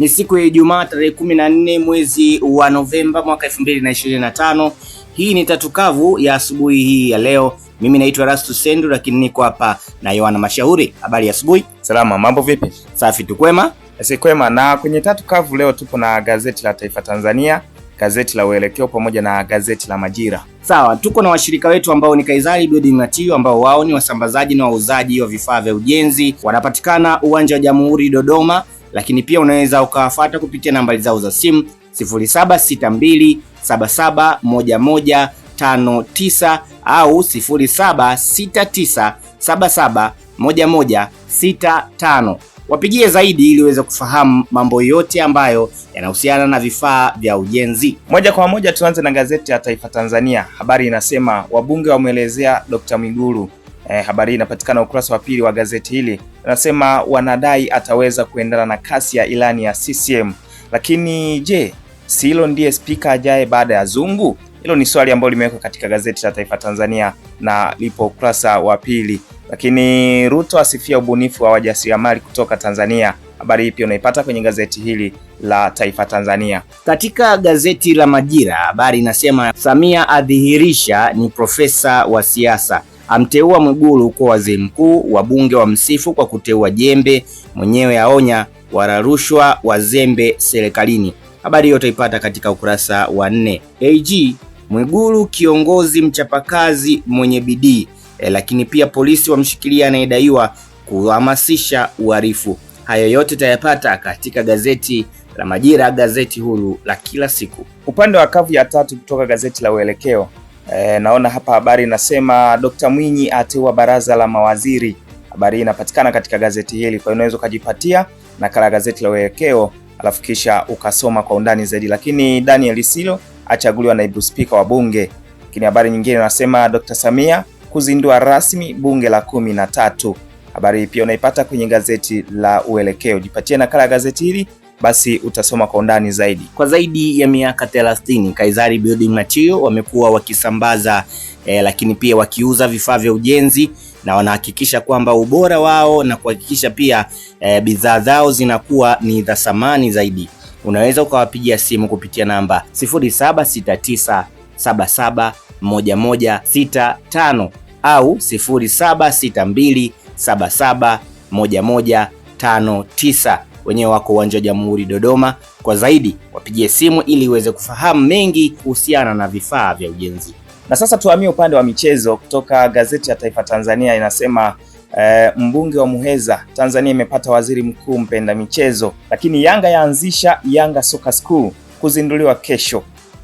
Ni siku ya Ijumaa tarehe 14 mwezi wa Novemba mwaka 2025. Hii ni tatu kavu ya asubuhi hii ya leo. Mimi naitwa Rastu Sendu, lakini niko hapa na Yohana Mashauri. Habari ya asubuhi. Salama, mambo vipi? Safi, tukwema kwema. Na kwenye tatu kavu leo tupo na gazeti la Taifa Tanzania, gazeti la Uelekeo pamoja na gazeti la Majira. Sawa, tuko na washirika wetu ambao ni Kaizali Building Material ambao wao ni wasambazaji na wauzaji wa vifaa vya ujenzi, wanapatikana uwanja wa Jamhuri Dodoma lakini pia unaweza ukawafuata kupitia nambari zao za simu 0762771159 au 0769771165. Wapigie zaidi ili uweze kufahamu mambo yote ambayo yanahusiana na vifaa vya ujenzi. Moja kwa moja tuanze na gazeti ya Taifa Tanzania. Habari inasema wabunge wamwelezea Dr. Mwigulu Eh, habari inapatikana ukurasa wa pili wa gazeti hili. Anasema wanadai ataweza kuendana na kasi ya ilani ya CCM. Lakini je, Silo ndiye spika ajaye baada ya Zungu? Hilo ni swali ambalo limewekwa katika gazeti la Taifa Tanzania na lipo ukurasa wa pili. Lakini Ruto asifia ubunifu wa wajasiriamali kutoka Tanzania. Habari hii pia unaipata kwenye gazeti hili la Taifa Tanzania. Katika gazeti la Majira habari inasema Samia adhihirisha ni profesa wa siasa amteua Mwigulu kuwa waziri mkuu, wabunge msifu kwa kuteua jembe, mwenyewe aonya wala rushwa wazembe serikalini. Habari hiyo utaipata katika ukurasa wa nne. AG Mwigulu kiongozi mchapakazi mwenye bidii e, lakini pia polisi wamshikilia anayedaiwa kuhamasisha uhalifu. Hayo yote tayapata katika gazeti la Majira, gazeti huru la kila siku. Upande wa kavu ya tatu kutoka gazeti la Uelekeo E, naona hapa habari inasema Dkt. Mwinyi ateua baraza la mawaziri. Habari hii inapatikana katika gazeti hili, kwa hiyo unaweza ukajipatia nakala ya gazeti la Uelekeo alafu kisha ukasoma kwa undani zaidi. Lakini Daniel Silo achaguliwa naibu spika wa Bunge. Lakini habari nyingine inasema Dkt. Samia kuzindua rasmi bunge la kumi na tatu. Habari hii pia unaipata kwenye gazeti la Uelekeo. Jipatie nakala ya gazeti hili basi utasoma kwa undani zaidi. Kwa zaidi ya miaka 30 Kaisari Building Material wamekuwa wakisambaza eh, lakini pia wakiuza vifaa vya ujenzi na wanahakikisha kwamba ubora wao na kuhakikisha pia eh, bidhaa zao zinakuwa ni za thamani zaidi. Unaweza ukawapigia simu kupitia namba 0769771165 au 0762771159 wenyewe wako uwanja wa Jamhuri Dodoma. Kwa zaidi wapigie simu ili uweze kufahamu mengi kuhusiana na vifaa vya ujenzi. Na sasa tuhamie upande wa michezo. Kutoka gazeti ya Taifa Tanzania inasema e, mbunge wa Muheza, Tanzania imepata waziri mkuu mpenda michezo. Lakini Yanga yaanzisha Yanga Soccer School kuzinduliwa kesho.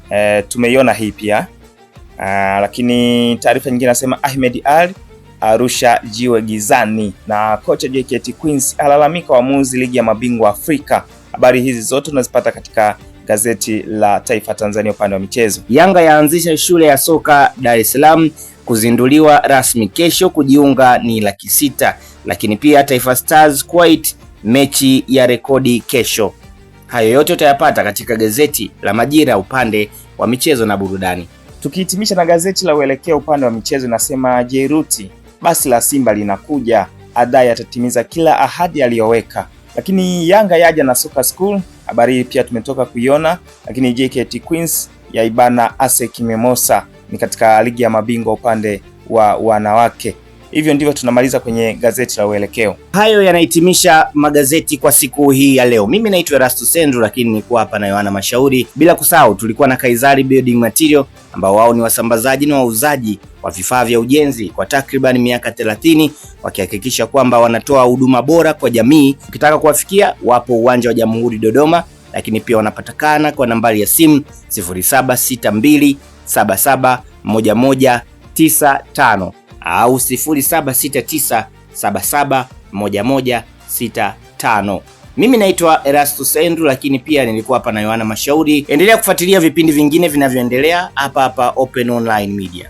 E, tumeiona hii pia. Ah, lakini taarifa nyingine nasema Ahmed Ali Arusha jiwe gizani, na kocha JKT Queens alalamika waamuzi ligi ya mabingwa Afrika. Habari hizi zote unazipata katika gazeti la Taifa Tanzania upande wa michezo. Yanga yaanzisha shule ya soka Dar es Salaam kuzinduliwa rasmi kesho, kujiunga ni laki sita. Lakini pia Taifa Stars Kuwait mechi ya rekodi kesho. Hayo yote utayapata katika gazeti la Majira upande wa michezo na burudani. Tukihitimisha na gazeti la Uelekeo upande wa michezo, nasema Jeruti basi la Simba linakuja, adai atatimiza kila ahadi aliyoweka. Lakini Yanga yaja na Soka School, habari hii pia tumetoka kuiona. Lakini JKT Queens yaibana ASEC Mimosas, ni katika ligi ya mabingwa upande wa wanawake. Hivyo ndivyo tunamaliza kwenye gazeti la Uelekeo. Hayo yanahitimisha magazeti kwa siku hii ya leo. Mimi naitwa erastu Sendu, lakini niko hapa na Yohana Mashauri, bila kusahau tulikuwa na Kaizari Building Material ambao wao ni wasambazaji na wauzaji wa vifaa vya ujenzi kwa takriban miaka 30 wakihakikisha kwamba wanatoa huduma bora kwa jamii. Ukitaka kuwafikia, wapo uwanja wa Jamhuri Dodoma, lakini pia wanapatikana kwa nambari ya simu 0762771195 au 0769771165. Mimi naitwa Erastus Endru, lakini pia nilikuwa hapa na Yohana Mashauri. Endelea kufuatilia vipindi vingine vinavyoendelea hapa hapa Open Online Media.